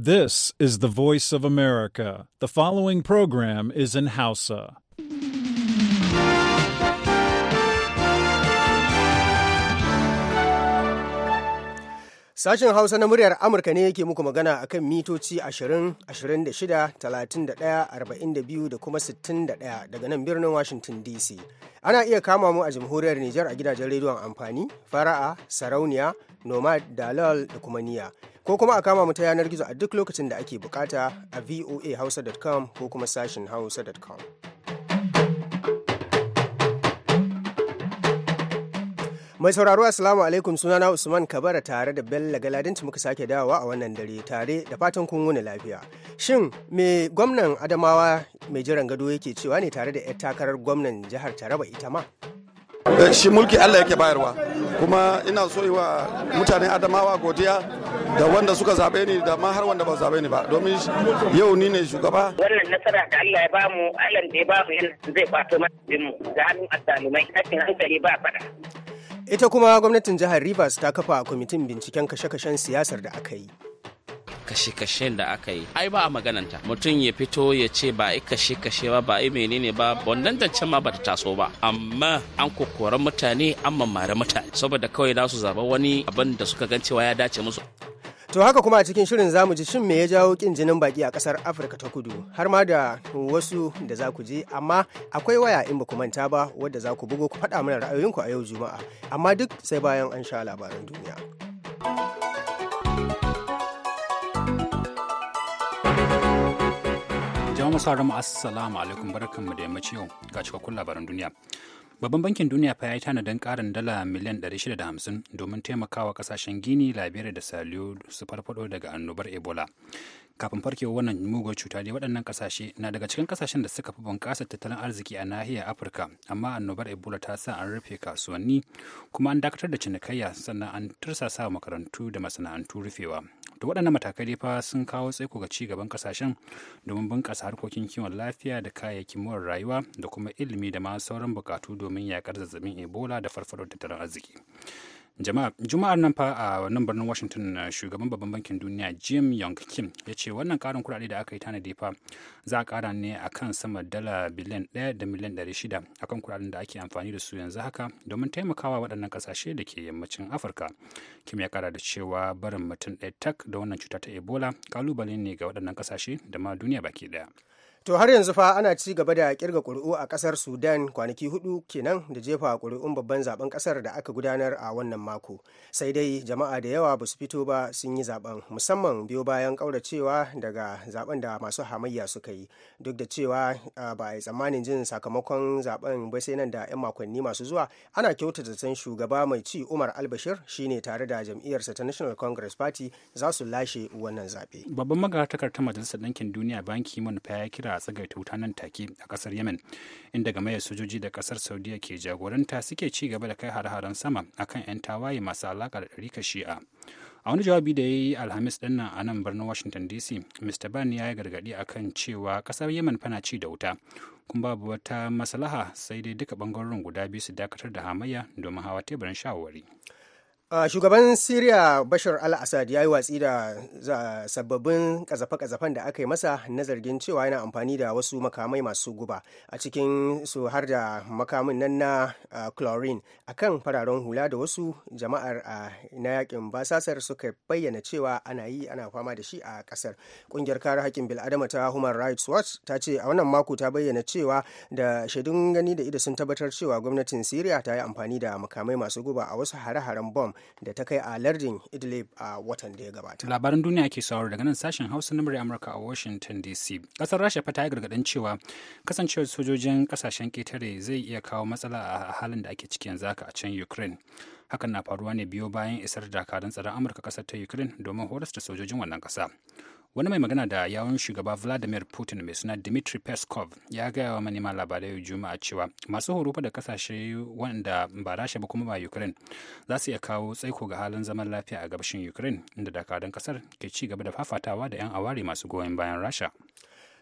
This is the voice of America. The following program is in Hausa. Sashen Hausa na muryar Amurka ne yake muku magana a kan mitoci 20, 26, 31, 42 da kuma 61 daga nan birnin Washington DC. Ana iya kama mu a jamhuriyar Nijar a gidajen rediyon amfani, fara'a, sarauniya, nomad, dalal da kuma niya. ko kuma a kama mu ta yanar gizo a duk lokacin da ake bukata a voahausa.com ko kuma sashin hausa.com. Mai sauraro Assalamu alaikum sunana Usman Kabara tare da Bello galadin muka sake dawowa a wannan dare tare da fatan kun wuni lafiya. Shin me gwamnan Adamawa mai jiran gado yake cewa ne tare da 'yar takarar gwamnan jihar Taraba ita ma? Eh, shi mulki Allah yake bayarwa kuma ina so yi wa mutanen Adamawa godiya da wanda suka zabe ni da ma har wanda ba zabe ni ba domin yau ni ne shugaba wannan nasara da Allah ya ba mu Allah da ya bamu yana zai kwato matsayin mu da hannun addalumai kashin hankali ba faɗa. ita kuma gwamnatin jihar Rivers ta kafa kwamitin binciken kashe-kashen siyasar da aka yi kashe-kashen da aka yi ai ba a magananta mutum ya fito ya ce ba ai kashe-kashe ba ba ai menene ba wannan zancen ma ba ta taso ba amma an kokora mutane an mamare mutane saboda kawai za su zaba wani abin da suka gan cewa ya dace musu To haka kuma a cikin shirin zamu ji shin me ya jawo kin jinin baki a kasar Afirka ta Kudu har ma da wasu da za ku je amma akwai waya in ba ku manta ba wadda za ku bugo ku faɗa mana ra'ayoyinku a yau Juma'a amma duk sai bayan an sha labaran duniya. masu haramu assalamu alaikum barkanmu da yammaci yau ga cikakkun labaran duniya. Babban bankin duniya fa ya yi tanadin karin dala miliyan 650 domin taimakawa kasashen Gini, Liberia da Saliyo su farfado daga annobar Ebola. kafin farkewa wannan mugun cuta dai waɗannan kasashe na daga cikin ƙasashen da suka fi bunƙasa tattalin arziki a nahiyar afirka amma annobar ebola ta sa an rufe kasuwanni kuma an dakatar da cinikayya sannan an tursasa makarantu da masana'antu rufewa to waɗannan matakai dai fa sun kawo tsaiko ga ci gaban ƙasashen domin bunƙasa harkokin kiwon lafiya da kayayyakin more rayuwa da kuma ilimi da ma sauran buƙatu domin yaƙar zazzabin ebola da farfaɗo tattalin arziki jama'a juma'ar nan fa a wannan birnin washington uh, shugaban babban bankin duniya jim yong kim ya ce wannan karin kuɗaɗe da aka yi tanadi fa za a kara ne a kan sama dala biliyan ɗaya da miliyan ɗari shida a kan kuɗaɗen da ake amfani da su yanzu haka domin taimakawa waɗannan ƙasashe da ke yammacin afirka kim ya kara da cewa barin mutum ɗaya tak da wannan cuta ta ebola kalubale ne ga waɗannan ƙasashe da ma duniya baki ɗaya To har yanzu fa ana ci gaba da kirga ƙuri'u a ƙasar Sudan kwanaki hudu kenan da jefa ƙuri'un babban zaben ƙasar da aka gudanar a wannan mako. Sai dai jama'a da yawa ba su fito ba sun yi zaben musamman biyo bayan ƙauracewa daga zaben da masu hamayya suka yi. Duk da cewa ba a yi tsammanin jin sakamakon zaben ba sai nan da 'yan makonni masu zuwa ana kyautata san shugaba mai ci Umar Albashir shine tare da jam'iyyarsa ta National Congress Party za su lashe wannan zaɓe. Babban ta Majalisar Ɗinkin Duniya Ban Ki ya kira a tsagaita wuta nan take a kasar yemen inda gamayyar sojoji da kasar saudiya ke jagoranta suke ci gaba da kai har-haren sama akan 'yan tawaye masu alaka da ka shi'a a wani jawabi da ya yi alhamis ɗin nan a nan birnin washington dc mr ban ya yi gargadi akan cewa kasar yemen fana ci da wuta kuma babu wata maslaha sai dai duka bangarorin guda biyu su dakatar da hamayya domin hawa teburin shawarwari Uh, shugaban Siriya Bashar al-Assad ya yi watsi da sababbin kazafe-kazafen da aka yi masa na zargin cewa yana amfani da wasu makamai masu guba a cikin su har da makamin nan na chlorine a kan fararen hula da wasu jama'ar uh, na yakin basasar suka bayyana cewa ana yi ana fama da shi a kasar ƙungiyar kare haƙƙin bil'adama ta human rights watch ta ce a wannan mako ta bayyana cewa da shaidun gani da ido sun tabbatar cewa gwamnatin Siriya ta yi amfani da makamai masu guba a wasu hare-haren bomb da ta kai a lardin idlib a watan da ya gabata labaran duniya ke sauraro daga nan sashen hausa na murya amurka a washington dc kasar rasha fa ta yi gargadin cewa kasancewar sojojin kasashen ketare zai iya kawo matsala a halin da ake ciki yanzu haka a can ukraine hakan na faruwa ne biyo bayan isar dakarun tsaron amurka kasar ta ukraine domin horas da sojojin wannan kasa wani mai magana da yawon shugaba vladimir putin mai suna dmitry peskov ya gaya wa manema labarai juma'a cewa masu horo da kasashe wanda ba rasha ba kuma ba ukraine za su iya kawo tsaiko ga halin zaman lafiya a gabashin ukraine inda dakarun kasar ke ci gaba da fafatawa da 'yan aware masu goyon bayan rasha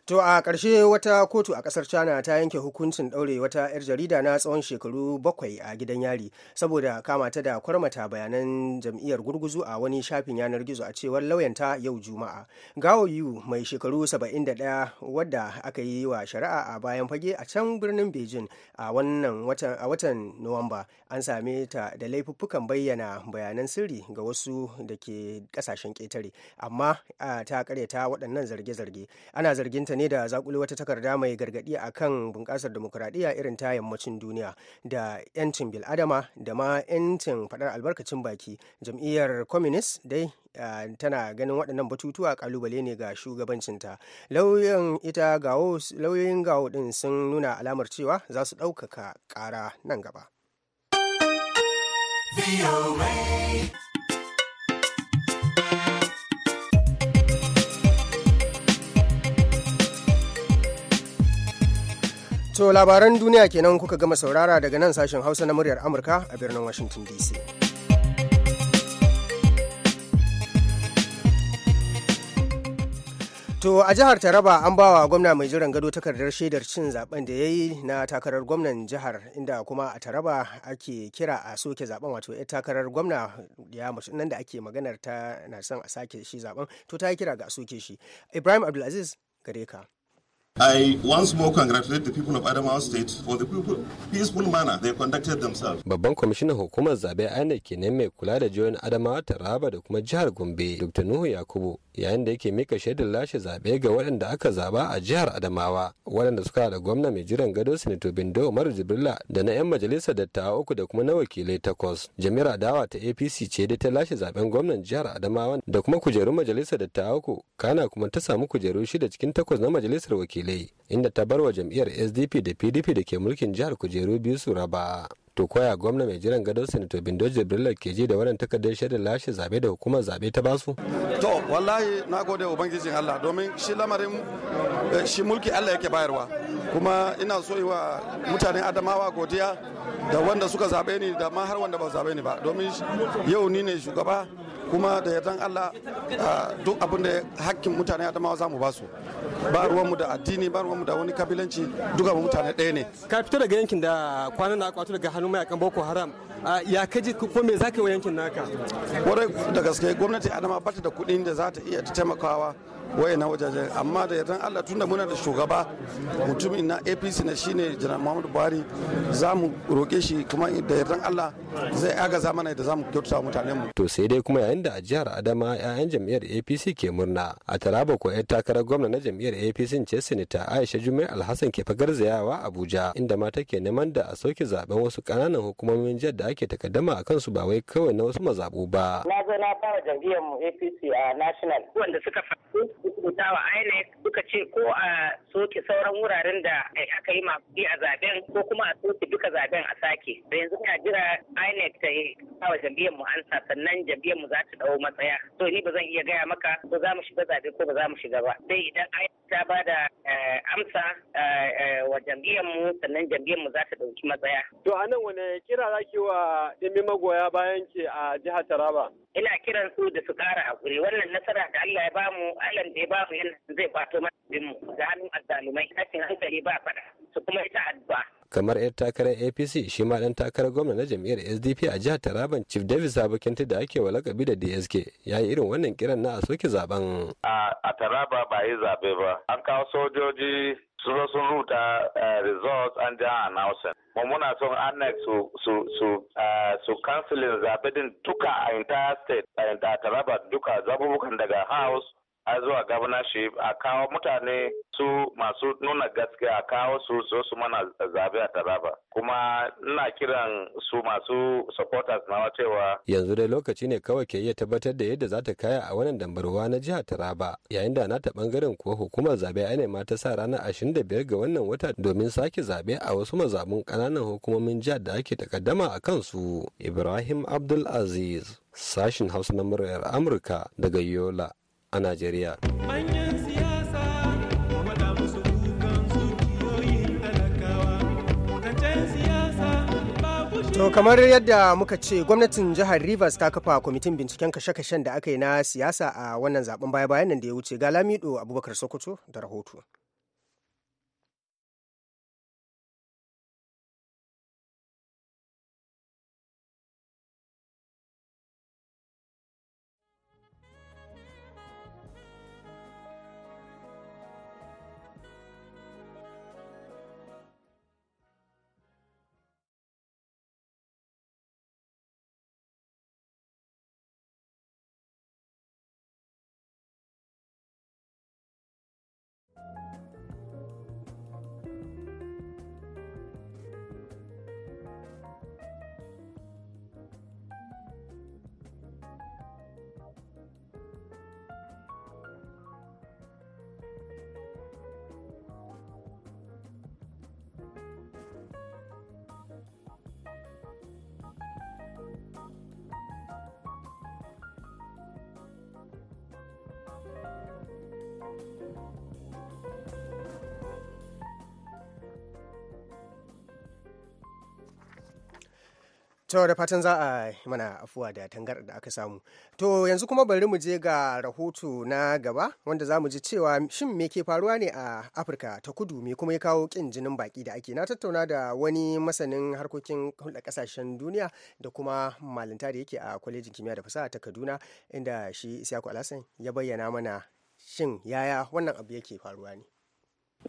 To a ƙarshe wata kotu a ƙasar China ta yanke hukuncin ɗaure wata 'yar jarida na tsawon shekaru bakwai a gidan yari saboda kama ta da kwarmata bayanan jam'iyyar gurguzu a wani shafin yanar gizo a cewar lauyanta yau Juma'a. Gao Yu mai shekaru 71 wadda aka yi wa shari'a a bayan fage a can birnin Beijing a wannan watan a watan Nuwamba an same ta da laifuffukan bayyana bayanan sirri ga wasu da ke ƙasashen ƙetare amma ta ƙaryata waɗannan zarge-zarge. Ana zargin zarginta ne da zakulu wata takarda mai gargadi a kan bunƙasar demokuraɗiyya irin ta yammacin duniya da 'yancin bil'adama da ma 'yancin faɗar albarkacin baki jam'iyyar communist dai tana ganin waɗannan batutuwa kalubale ne ga shugabancinta lauyoyin ita gawo lauyoyin gawo ɗin sun nuna alamar cewa za su ɗaukaka ƙara nan gaba. To labaran duniya kenan kuka gama saurara daga nan sashen Hausa na muryar Amurka a birnin Washington DC. To a jihar Taraba an ba wa gwamna mai jiran gado takardar shaidar cin zaben da ya yi na takarar gwamnan jihar inda kuma a Taraba ake kira a soke zaben wato ya takarar gwamna ya mace nan da ake maganar ta na son a sake shi zaben to ta yi kira ga a soke shi. Ibrahim Abdulaziz gare ka. I once more congratulate the people of Adamawa State for the peaceful manner they conducted themselves. Babban kwamishinan hukumar zabe INEC kenan mai kula da jihohin Adamawa Taraba da kuma jihar Gombe, Dr. Nuhu Yakubu, yayin da yake mika shaidar lashe zaɓe ga waɗanda aka zaɓa a jihar Adamawa waɗanda suka da gwamna mai jiran gado Sinato Bindo Umaru Jibrila da na 'yan majalisar dattawa uku da kuma na wakilai takwas. Jami'ar adawa ta APC ce da ta lashe zaɓen gwamnan jihar Adamawa da kuma kujerun majalisar dattawa uku kana kuma ta samu kujeru shida cikin takwas na majalisar wakilai inda ta bar wa jam'iyyar SDP da PDP da ke mulkin jihar kujeru biyu su raba. to koya gwamna mai jiran gado sanato bindo jibrila ke ji da wannan takardar shaidar lashe zabe da hukumar zabe ta basu to wallahi na gode wa ubangijin allah domin shi lamarin eh, shi mulki allah yake bayarwa kuma ina so yi wa mutanen adamawa godiya da wanda suka zabe ni da ma har wanda ba zabe ni ba domin yau ni ne shugaba kuma da yardan Allah duk abin da hakkin mutane Adamawa za mu ba su ba ruwanmu da addini ba ruwanmu da wani kabilanci duka mu mutane ɗaya ne ka fito daga yankin da kwanan na kwato daga hannun mayakan Boko Haram ya kaji ko me zaka yi yankin naka warai da gaske gwamnati Adama bata da kuɗin da za ta iya taimakawa waye na wajajen amma da yardan Allah tunda muna da shugaba mutumin na APC na shine Janar Muhammadu Buhari za mu roƙe shi kuma da yardan Allah zai aga mana da za mu kyautata mutanen mu to sai dai kuma yayin yayin a jihar adama 'ya'yan jam'iyyar apc ke murna a taraba ko 'yan takarar gwamna na jam'iyyar apc ce sinita aisha jumai alhassan ke zayawa abuja inda mata ke neman da a soke zaben wasu kananan hukumomin jihar da ake takaddama a kansu ba wai kawai na wasu mazabu ba na zo na fara jam'iyyar mu apc a national wanda suka faru da wa inec suka ce ko a soke sauran wuraren da aka yi masu mafi a zaben ko kuma a soke duka zaben a sake yanzu ina jira inec ta yi wa jam'iyyar mu ansa sannan jam'iyyar mu za ta ɗau matsaya to ni ba zan iya gaya maka ba za mu shiga zaɓe ko ba za mu shiga ba dai idan ai ta ba da eh, amsa eh, eh, wa jam'iyyar mu sannan jam'iyyar mu za ta ɗauki matsaya. To a nan wani kira za ki wa dimi magoya bayan ki a jihar Taraba? Ina kiran su da su ƙara hakuri wannan nasara da Allah ya bamu allah da ya bamu yana zai ɓato mana mu da hannun azzalumai kashin hankali ba faɗa. su kuma yi kamar 'yar takarar apc shi ma dan takarar gwamna na jam'iyyar sdp a jihar taraban chief davis abokinta da ake wa lakabi da dsk ya yi irin wannan kiran na a soke zaben a taraba ba yi zabe ba an kawo sojoji su zo sun ruta eh, results an ja announcing mu muna son annex su su su eh, su cancelin zabe din duka a entire state a taraba duka zabubukan daga house a zuwa governorship a kawo mutane su masu nuna gaskiya a kawo su so su mana zabe a taraba kuma ina kiran su masu supporters na cewa yanzu dai lokaci ne kawai ke iya tabbatar da yadda za ta kaya a wannan dambarwa na jihar taraba yayin da nata bangaren kuwa hukumar zabe aine ma ta sa ranar 25 ga wannan wata domin sake zabe a wasu mazabun kananan hukumomin jihar da ake takaddama a kansu ibrahim abdul aziz sashin hausa na muryar amurka daga yola a najeriya To kamar yadda muka ce gwamnatin jihar Rivers ta kafa kwamitin binciken kashe-kashen da aka yi na siyasa a wannan zaben baya-bayan nan da ya wuce ga Lamido Abubakar Sokoto da rahoto. To da fatan za a mana afuwa da tangar da aka samu. To yanzu kuma bari mu je ga rahoto na gaba wanda za mu ji cewa shin me ke faruwa ne a Afirka ta kudu me kuma ya kawo kin jinin baki da ake. Na tattauna da wani masanin harkokin hulɗa ƙasashen duniya da kuma malinta da yake a kwalejin kimiyya da fasaha ta Kaduna inda shi Isiyaku Alhassan ya bayyana mana shin yaya wannan abu yake faruwa ne.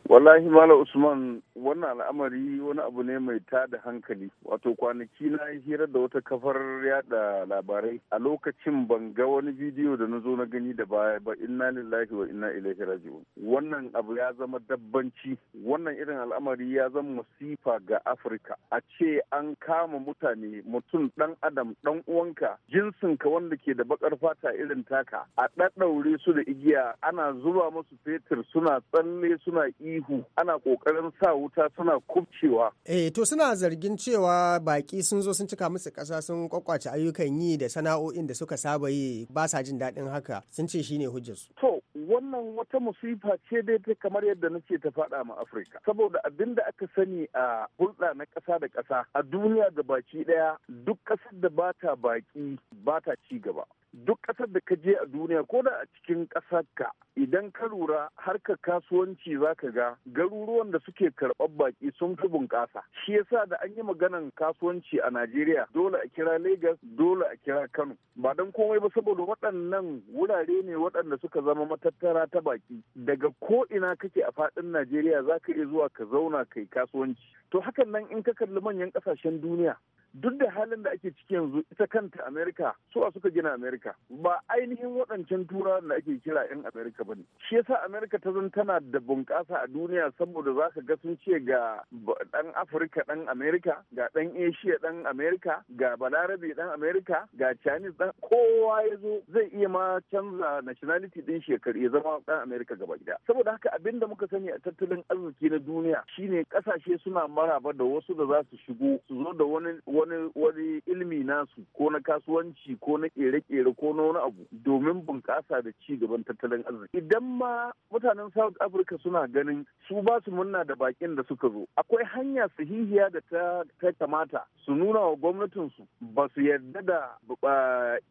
wallahi mala usman wannan al'amari wani abu ne mai tada hankali wato kwanaki na hira da wata kafar yada labarai a lokacin ban ga wani bidiyo da na zo na gani da baya ba inna lillahi wa inna ilaihi raji'un wannan abu ya zama dabbanci wannan irin al'amari ya zama masifa ga afirka a ce an kama mutane mutum dan adam dan uwanka Jinsin ka wanda ke da bakar fata irin taka a ɗaɗɗaure su da igiya ana zuba musu fetur suna tsalle suna iya ihu ana kokarin sa wuta suna kubcewa. Eh to suna zargin cewa baki sun zo sun cika musu ƙasa sun kwakwace ayyukan yi da sana'o'in da suka saba yi ba sa jin daɗin haka sun ce shine hujjarsu. To wannan wata musifa ce dai ta kamar yadda na ce ta faɗa ma Afirka. Saboda abin da aka sani a hulɗa na ƙasa da ƙasa a duniya da baki ɗaya duk ƙasar da bata ta baki ba ci gaba. duk ƙasar da ka je a duniya ko da a cikin ka idan ka lura harkar kasuwanci za ka ga garuruwan da suke karɓar baƙi sun fi bunƙasa shi yasa da an yi maganan kasuwanci a najeriya dole a kira lagos dole a kira kano ba don komai ba saboda waɗannan wurare ne waɗanda suka zama matattara ta baƙi daga ko ina kake a faɗin najeriya za ka iya zuwa ka zauna kai kasuwanci to hakan nan in ka kalli manyan ƙasashen duniya duk da halin da ake ciki yanzu ita kanta amerika suwa suka gina amerika ba ainihin waɗancan turawa da ake kira 'yan amerika ba ne shi yasa amerika ta zan tana da bunƙasa a duniya saboda za ka ga sun ce ga ɗan afirka ɗan amerika ga ɗan asia ɗan amerika ga balarabe ɗan amerika ga chinese ɗan kowa ya zo zai iya ma canza nationality ɗin shekaru ya zama ɗan amerika gaba gida saboda haka abin da muka sani a tattalin arziki na duniya shine ƙasashe suna maraba da wasu da za su shigo su zo da wani wani wani ilmi nasu ko na kasuwanci ko na kere-kere ko na wani abu domin bunƙasa da ci gaban tattalin arziki idan ma mutanen south africa suna ganin su ba su murna da bakin da suka zo akwai hanya sahihiya da ta kamata su nuna wa gwamnatinsu ba su yarda da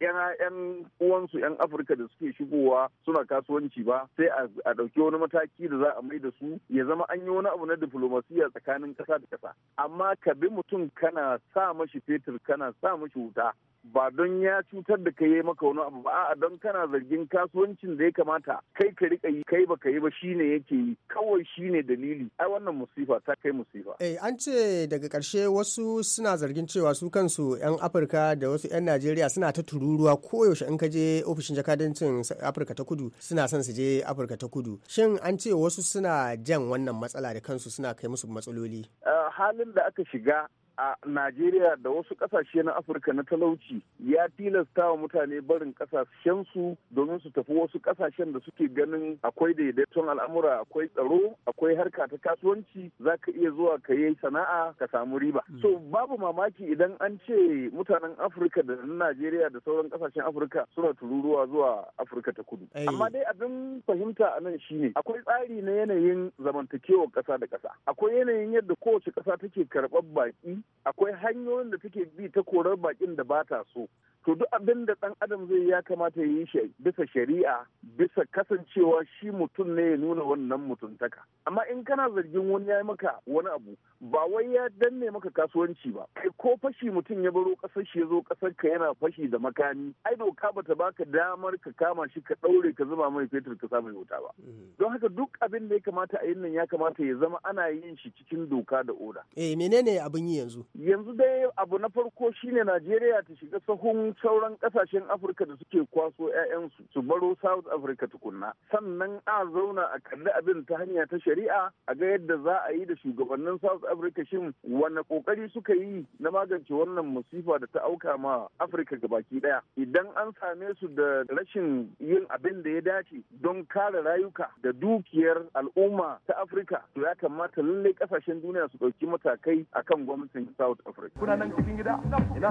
yan uwansu yan afirka da suke shigowa suna kasuwanci ba sai a ɗauki wani mataki da za a mai da su ya zama an yi wani abu na diplomasiya tsakanin ƙasa da ƙasa amma ka bi mutum kana sa mashi fetur kana sa mashi wuta ba don ya cutar da kai maka wani abu ba a don kana zargin kasuwancin da ya kamata kai ka rika yi kai baka yi ba shine yake yi kawai shine dalili ai wannan musifa ta kai musifa eh an ce daga karshe wasu suna zargin cewa su kansu yan Afirka da wasu yan Najeriya suna ta tururuwa koyaushe in ka je ofishin jakadancin Afirka ta Kudu suna son su je Afirka ta Kudu shin an ce wasu suna jan wannan matsala da kansu suna kai musu matsaloli eh, halin da aka shiga a Najeriya da wasu ƙasashe na Afirka na talauci ya tilasta wa mutane barin ƙasashensu domin su tafi wasu ƙasashen da suke ganin akwai daidaiton al'amura akwai tsaro akwai harka ta kasuwanci za ka iya zuwa ka yi sana'a ka samu riba. Hmm. So babu mamaki idan an ce mutanen Afirka da na Najeriya da sauran ƙasashen Afirka suna tururuwa zuwa Afirka ta kudu. Amma dai abin fahimta a nan shine akwai tsari na yanayin zamantakewar ƙasa da ƙasa. Akwai yanayin yadda kowace ƙasa take karɓar baƙi akwai hanyoyin da take bi ta korar bakin da ba ta so to duk abin da ɗan adam zai ya kamata ya yi bisa shari'a bisa kasancewa shi mutum ne ya nuna wannan mutuntaka amma in kana zargin wani ya maka wani abu ba wai ya danne maka kasuwanci ba kai ko fashi mutum ya baro ƙasar shi ya zo ƙasar ka yana fashi da makami ai doka bata baka damar ka kama shi ka ɗaure ka zuba mai fetur ka sa mai wuta ba mm. don haka duk abin da ya kamata a yin nan ya kamata ya zama ana yin shi cikin doka da oda eh menene abin yi yanzu yanzu dai abu na farko shine Najeriya ta shiga sahun sauran kasashen afirka da suke kwaso 'ya'yansu su baro south africa tukunna sannan a zauna a kalli abin ta hanya ta shari'a a ga yadda za a yi da shugabannin south africa shin wani kokari suka yi na magance wannan masifa da ta auka ma afirka gabaki daya idan an same su da rashin yin abin da ya dace don kare rayuka da dukiyar al'umma ta afirka to ya kamata lallai kasashen duniya su ɗauki matakai akan gwamnatin south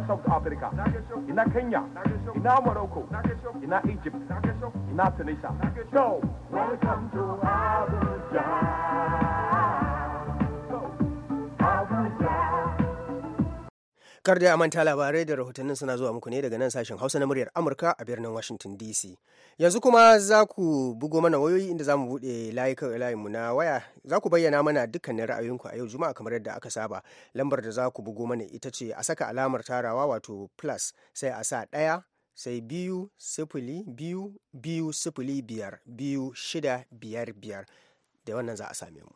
south africa ina Kenya, ina Morocco, ina Egypt, ina Tunisia. So, welcome to Abuja. kar da manta labarai da rahotannin suna zuwa muku ne daga nan sashen hausa na muryar amurka a birnin washington dc yanzu kuma za ku bugo mana wayoyi inda za mu buɗe layukan layinmu na waya za ku bayyana mana dukkanin ra'ayoyinku a yau juma'a kamar yadda aka saba lambar da za ku bugo mana ita ce a saka alamar tarawa wato plus sai a sa ɗaya sai biyu sifili biyu biyu sifili biyar biyu shida biyar biyar da wannan za a same mu.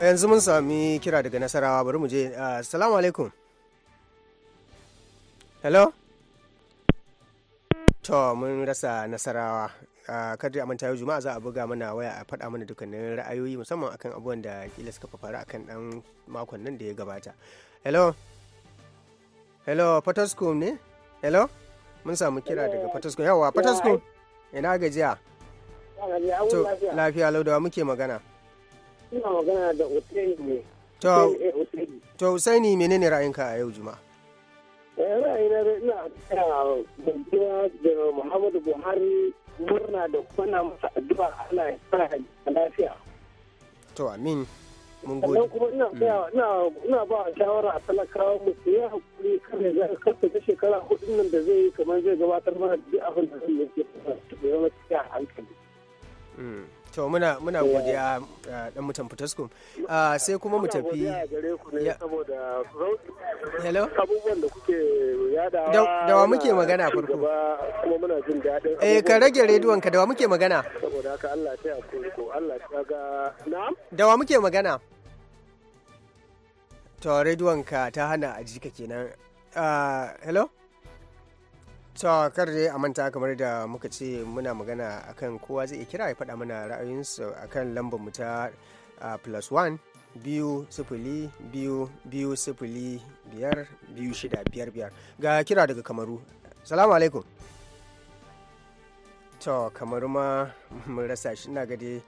yanzu mun sami kira daga nasarawa bari mu je uh, assalamu alaikum hello to mun rasa nasarawa uh, kada manta yau juma'a za a buga mana waya a faɗa mana dukkanin ra'ayoyi musamman akan abubuwan da kila suka faru akan dan makon nan da ya gabata hello hello potoskum ne hello mun samu kira daga potoskum yawa potoskum ina gajiya to lafiya lau da muke magana Ina magana da ne. To Husaini eh, a yau juma. Eh, ra'ayina da ina tsaya bantuwa da Muhammadu Buhari murna da kwana masa addu'a Allah ya sa lafiya. To amin. Mun gode. kuma ina mm. tsaya ina a talakawa mu hakuri kada ya shekara hudun nan da zai yi kamar zai gabatar mana da zai zama cikin hankali. Mm. to muna muna godiya eh, dan mutan fitaskun ah, sai kuma mu tafi hello abubuwan da kuke yadawa dawa muke magana farko kuma muna jin dadin eh ka rage rediyon ka dawa muke magana saboda haka Allah ya ko Allah ya ga na'am dawa muke magana to rediyon ka ta hana aji ka kenan ah, hello ta kar dai a manta kamar da muka ce muna magana akan kowa zai kira ya faɗa mana ra'ayinsu akan lambar mu ta ah, plus one biyu sifili biyu biyu sifili biyar biyu shida ga kira daga kamaru salamu alaikum to kamaru ma mun rasa shi na gade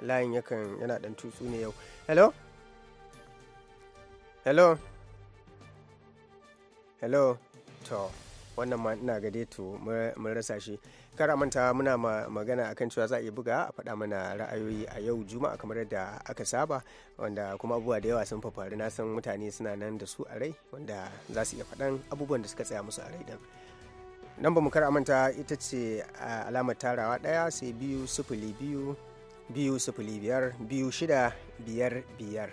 layin yakan yana dan tutsu ne yau hello hello hello to wannan ma ina ga to mun rasa shi kar manta muna magana akan cewa za a iya buga a faɗa mana ra'ayoyi a yau juma'a kamar yadda aka saba wanda kuma abubuwa da yawa sun fafari na san mutane suna nan da su a rai wanda za su iya faɗan abubuwan da suka tsaya musu a rai din nan ba mu kar manta ita ce alamar tarawa ɗaya sai biyu sufuli biyu biyu sufuli biyar biyu shida biyar biyar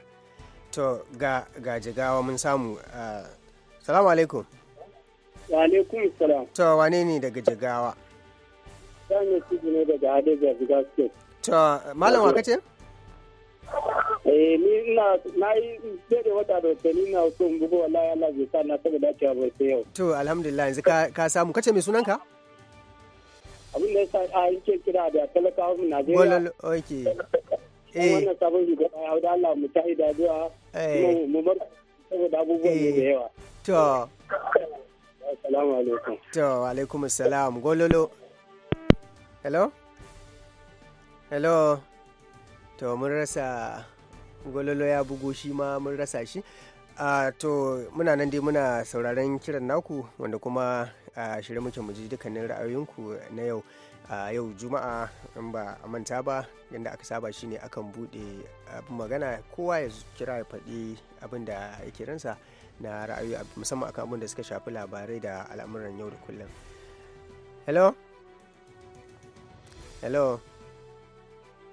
to ga ga jigawa mun samu salamu alaikum alaikum salam. To wane ne daga Jigawa? Sani Sidi ne daga Adeja Jigawa State. To malam waka ce? Eh ni ina na yi dade wata da ni na so in bugo wallahi Allah zai sa na saka dace a sai yau. To alhamdulillah yanzu ka samu kace mai sunanka? Abin da yasa a yake kira da talakawa mu Najeriya. Bolol okay. Eh wannan sabon gaba ya da Allah mu tahi da zuwa eh. mu bar saboda abubuwan da eh. yawa. To Assalamu alaikum. To, alaikum assalam. Gololo. Hello? Hello? To, mun rasa gololo ya bugu shi ma mun rasa shi. Uh, to muna nan dai muna sauraron kiran naku wanda kuma a uh, shirin muke mu ji dukkanin ra'ayoyinku na yau a uh, yau juma'a in ba a manta ba yadda aka saba shi ne akan bude abin magana kowa ya kira ya faɗi abin da yake ransa na ra'ayoyi musamman akan abin da suka shafi labarai da al'amuran yau da kullum hello hello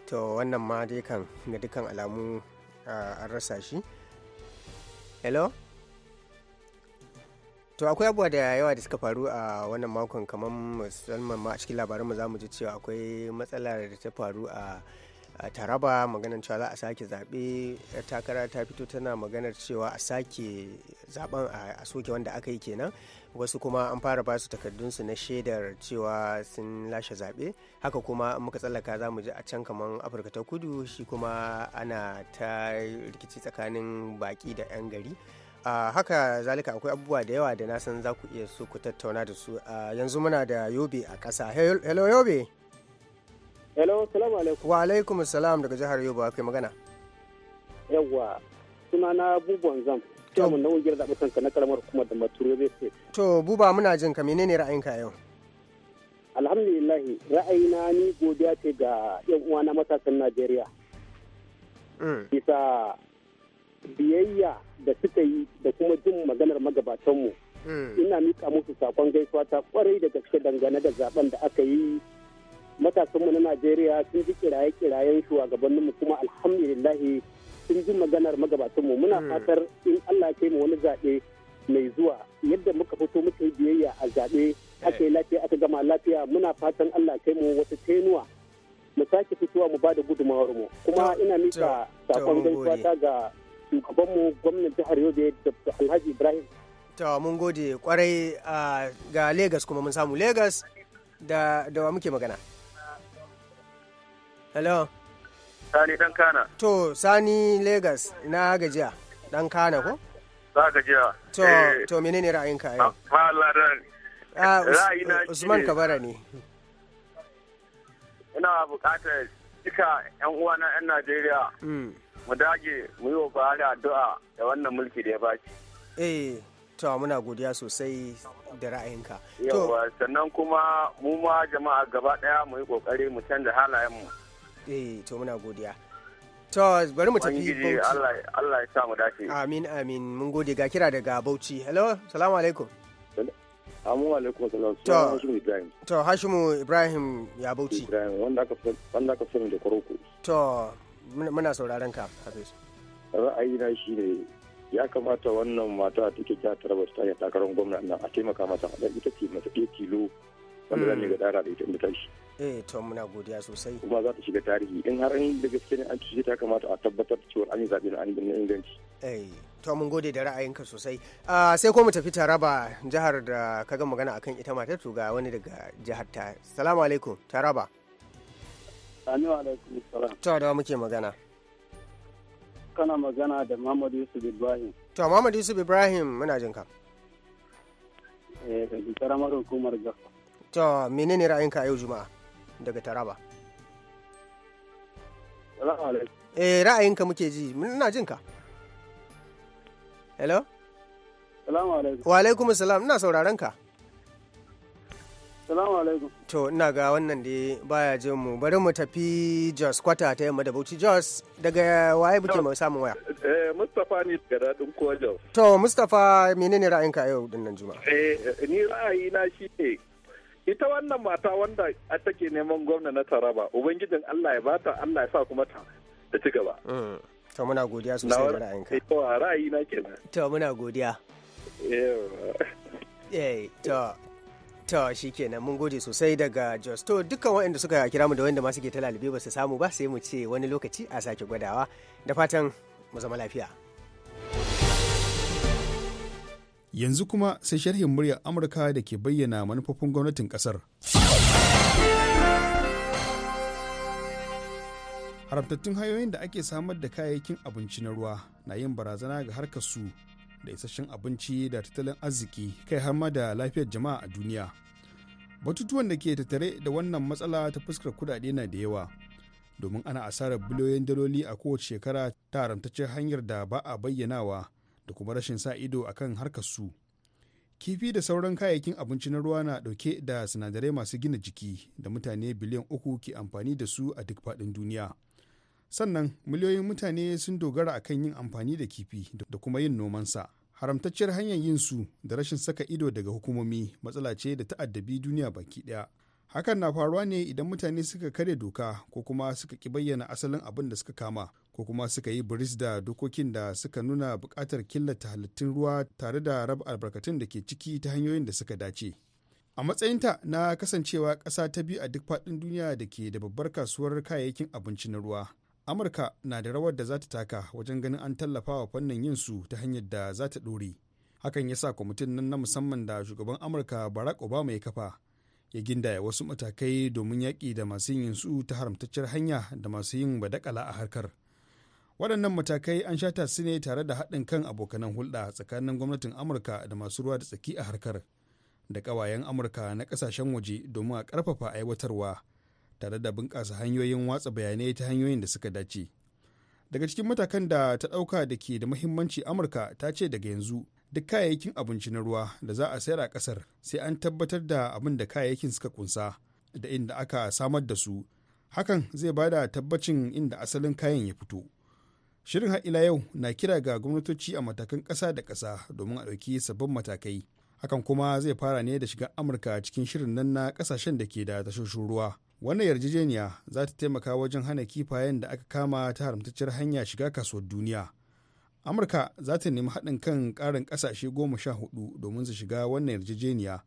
to wannan ma dai kan ga dukkan alamu an rasa shi hello to akwai abuwa da yawa da suka faru a wannan makon kamar musamman ma a cikin mu za mu ji cewa akwai matsalar da ta faru a taraba maganar cewa za a sake zaɓe takara ta fito tana maganar cewa a sake zaben a soke wanda aka yi kenan wasu kuma an fara ba su takardunsu na shaidar cewa sun lashe zaɓe haka kuma muka tsallaka za mu ji a can kamar afirka ta kudu shi kuma ana ta rikici tsakanin baƙi da 'yan gari a uh, haka zalika akwai abubuwa da yawa da na san za ku iya su ku tattauna da su uh, yanzu muna da yobe a ƙasa hello yobe Hello, salamu alaikum. Wa alaikum salam daga jihar Yobe kai magana. Yawwa, suna na abubuwan zam. mun na ungiyar zaɓe kanka na karamar hukumar da Maturu zai ce. To, buba muna jin ka menene ra'ayinka yau? Alhamdulillah, ra'ayina ni godiya ce ga yan uwana matasan Najeriya. Mm. Bisa biyayya da suka yi da kuma jin maganar magabatanmu. Mm. Ina mika musu saƙon gaisuwa ta kwarai da gaske dangane da zaben da aka yi matasanmu na najeriya sun ji kiraye-kirayen shugabanninmu kuma alhamdulillahi sun ji maganar magabatanmu muna hmm. fatar in allah kai mu wani zaɓe mai zuwa yadda muka fito muka yi biyayya a zaɓe aka yi lafiya aka gama lafiya muna fatan allah kai mu wata tenuwa mu sake fitowa mu ba da gudunmawar mu kuma ina mika sakon gaisuwa ta ga shugabanmu gwamnan jihar yobe da alhaji ibrahim Tawa mun gode kwarai ah, ga Legas kuma mun samu Legas da da muke magana hello sani dan kana to sani lagos na gajiya dan kana ko Ba gajiya to eh, to menene ra'ayinka yau Ah, Usman Kabara ne. Ina bukatar duka 'yan na 'yan Najeriya hmm. mu dage mu yi wa Buhari addu'a da wannan mulki da ya baki. Eh, to muna godiya sosai da ra'ayinka. Yawwa, sannan kuma mu ma jama'a gaba ɗaya mu yi ƙoƙari mu canza halayenmu. eh to muna godiya to bari mu tafi bauchi Allah ya sa mu dace amin amin mun gode ga kira daga bauchi hello salamu alaikum Amu alaikum salam. To Hashimu Ibrahim. To Hashimu Ibrahim ya bauchi. Ibrahim wanda ka wanda ka fara da Koroko. To muna sauraron ka Hafiz. shi shine ya kamata wannan mata take ta tarbar ta takarar gwamnati a taimaka mata da ita ce mata kilo wanda zan daga hmm. dara da ita da tashi Eh to muna godiya sosai. Kuma za ta shiga tarihi in har an da gaske ne an ci ta kamata a tabbatar cewa an yi zaɓe na an yi inganci. Eh to mun gode da ra'ayinka sosai. Ah, sai ko mu tafi Taraba jihar da ka ga magana akan ita matar to ga wani daga jihar ta. assalamu alaikum Taraba. assalamu alaikum salam. To da muke magana. Kana magana da Muhammad Yusuf Ibrahim. To Muhammad Yusuf Ibrahim muna jinka. Eh da karamar hukumar Gafa. To menene ra'ayinka a yau Juma'a daga Taraba? Eh ra'ayinka muke ji, muna jin ka. Hello? Salamu alaikum. Wa alaikum salam, ina sauraron ka. Salamu alaikum. To ina ga wannan da baya jin mu, bari mu tafi Jos kwata ta yamma da Bauchi Jos daga waye muke mai samun waya? Eh Mustapha ne daga dadin Jos. To Mustapha menene ra'ayinka a yau dinnan Juma'a? Eh ni ra'ayi na shi ne ita wannan mata wanda take neman gwamna na taraba ubangijin allah ya bata allah ya sa kuma ta ci gaba mm. to muna godiya sosai da ra'ayinka to ra'ayi na kenan to muna godiya eh to to shikenan mun gode sosai daga Jos to dukkan waɗanda suka kira mu da wanda ma suke ta lalube ba su samu ba sai mu ce wani lokaci a sake gwadawa da fatan mu zama lafiya yanzu kuma sai sharhin muryar amurka da ke bayyana manufofin gwamnatin kasar haramtattun hanyoyin da ake samar da kayayyakin abinci na ruwa na yin barazana ga harkar su da isasshen abinci da tattalin arziki kai har ma da lafiyar jama'a a duniya batutuwan da ke tattare da wannan matsala ta fuskar kudade na da yawa domin ana asarar biliyoyin daloli a kowace shekara ta haramtaccen hanyar da ba a bayyanawa da kuma rashin sa ido a kan harkar su kifi da sauran kayayyakin abinci na ruwa na dauke da sinadarai masu gina jiki da mutane biliyan uku ke amfani da su a duk faɗin duniya sannan miliyoyin mutane sun dogara a kan yin amfani da kifi da kuma yin nomansa haramtacciyar hanyar yin su da rashin saka ido daga hukumomi matsala ce da ta'addabi duniya baki ɗaya hakan na faruwa ne idan mutane suka karya doka ko kuma suka ƙi bayyana asalin abin da suka kama ko kuma suka yi biris da dokokin da suka nuna buƙatar killata halittun ruwa tare da raba albarkatun da ke ciki ta hanyoyin da suka dace a matsayinta na kasancewa ƙasa ta biyu a duk faɗin duniya da ke da babbar kasuwar kayayyakin abinci na ruwa amurka na da rawar da za ta taka wajen ganin an tallafa wa fannin yin su ta hanyar da za ta ɗore hakan ya sa kwamitin nan na musamman da shugaban amurka barack obama ya kafa ya gindaya wasu matakai domin yaƙi da masu yin su ta haramtacciyar hanya da masu yin badakala a harkar waɗannan matakai an shata su ne tare da haɗin kan abokanan hulɗa tsakanin gwamnatin amurka da masu ruwa da tsaki a harkar da ƙawayen amurka na ƙasashen waje domin a ƙarfafa aiwatarwa tare da bunƙasa hanyoyin watsa bayanai ta hanyoyin da suka dace daga cikin matakan da ta ɗauka da ke da muhimmanci amurka ta ce daga yanzu duk kayayyakin abinci na ruwa da za a sayar a ƙasar sai an tabbatar da abin da kayayyakin suka kunsa da inda aka samar da su hakan zai bada tabbacin inda asalin kayan ya fito Shirin har ila yau na kira ga gwamnatoci a matakan ƙasa da ƙasa domin a ɗauki sabbin matakai. Hakan kuma zai fara ne da shiga Amurka cikin shirin nan na ƙasashen da ke da tashoshin ruwa. Wannan yarjejeniya za ta taimaka wajen hana kifayen da aka kama ta haramtacciyar hanya shiga kasuwar duniya. Amurka za ta nemi haɗin kan ƙarin ƙasashe goma sha hudu domin su shiga wannan yarjejeniya.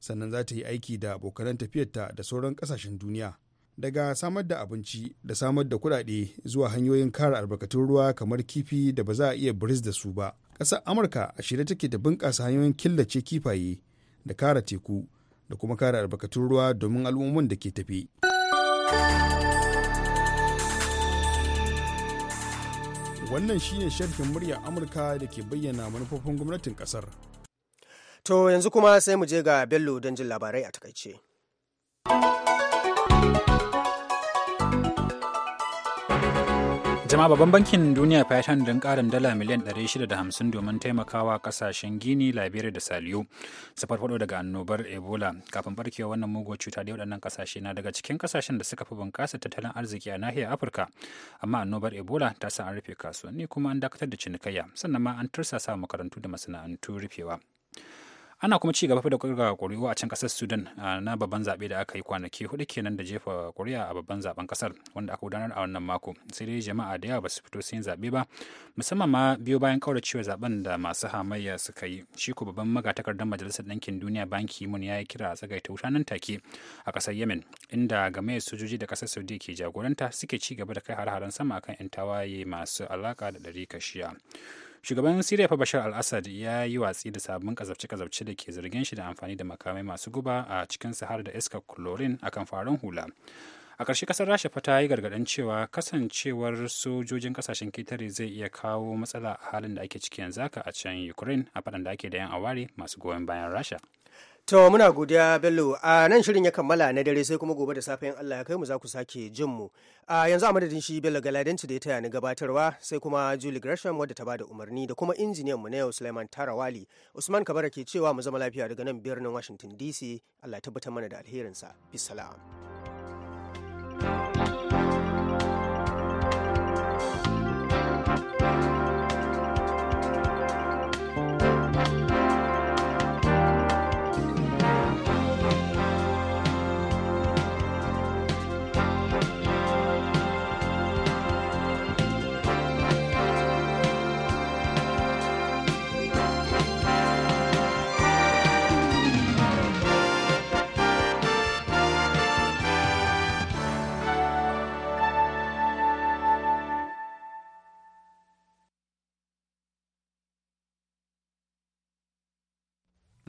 sannan za ta yi aiki da abokanan tafiyarta da sauran ƙasashen duniya. daga samar da abinci da samar da kuɗaɗe zuwa hanyoyin kare albarkatun ruwa kamar kifi da ba za a iya biris da su ba ƙasar amurka a shirye take da bunƙasa hanyoyin killace kifaye da kare teku da kuma kare albarkatun ruwa domin al'ummomin da ke tafi wannan shine sharhin muryar amurka da ke bayyana manufofin gwamnatin ƙasar to yanzu kuma sai mu je ga bello don jin labarai a takaice. jama'a babban bankin duniya fatan don karin dala miliyan 650 domin taimakawa kasashen gini liberia da saliyo su farfado daga annobar ebola kafin barkewa wannan muguwar cuta da waɗannan kasashe na daga cikin kasashen da suka fi bunƙasa tattalin arziki a nahiyar afirka amma annobar ebola ta sa an rufe kasuwanni kuma an dakatar da cinikayya sannan ma an tursasa makarantu da masana'antu rufewa ana kuma ci gaba da ƙirga kuri'u a can kasar sudan na babban zaɓe da aka yi kwanaki hudu kenan da jefa ƙuri'a a babban zaɓen ƙasar wanda aka gudanar a wannan mako sai dai jama'a da yawa ba su fito yin zaɓe ba musamman ma biyo bayan kauracewa zaɓen da masu hamayya suka yi shi ko babban magatakardar majalisar ɗinkin duniya banki mun ya yi kira a tsagaita wuta nan take a ƙasar yemen inda game sojoji da ƙasar saudi ke jagoranta suke ci gaba da kai har-haren sama akan 'yan tawaye masu alaka da ɗari kashiya. shugaban siriya fa bashar al-assad ya yi watsi da sabbin kazafce-kazafce da ke zargin shi da amfani da makamai masu guba a cikin sahar da iska chlorine kan faran hula a ƙarshe ƙasar rasha fa ta yi gargaɗin cewa kasancewar sojojin ƙasashen ketare zai iya kawo matsala a halin da ake ciki yanzu a can ukraine a faɗan da ake da yan aware masu goyon bayan rasha To muna godiya Bello a nan shirin ya kammala na dare sai kuma gobe da safen Allah ya kai mu za ku sake jin mu. A yanzu a madadin shi Bello Galadanci da ya taya ni gabatarwa sai kuma Julie Gresham wadda ta bada umarni da kuma injiniyan mu na yau Suleiman Tarawali. Usman Kabara ke cewa mu zama lafiya daga nan birnin Washington DC. Allah ya tabbatar mana da alherinsa. Bisalam.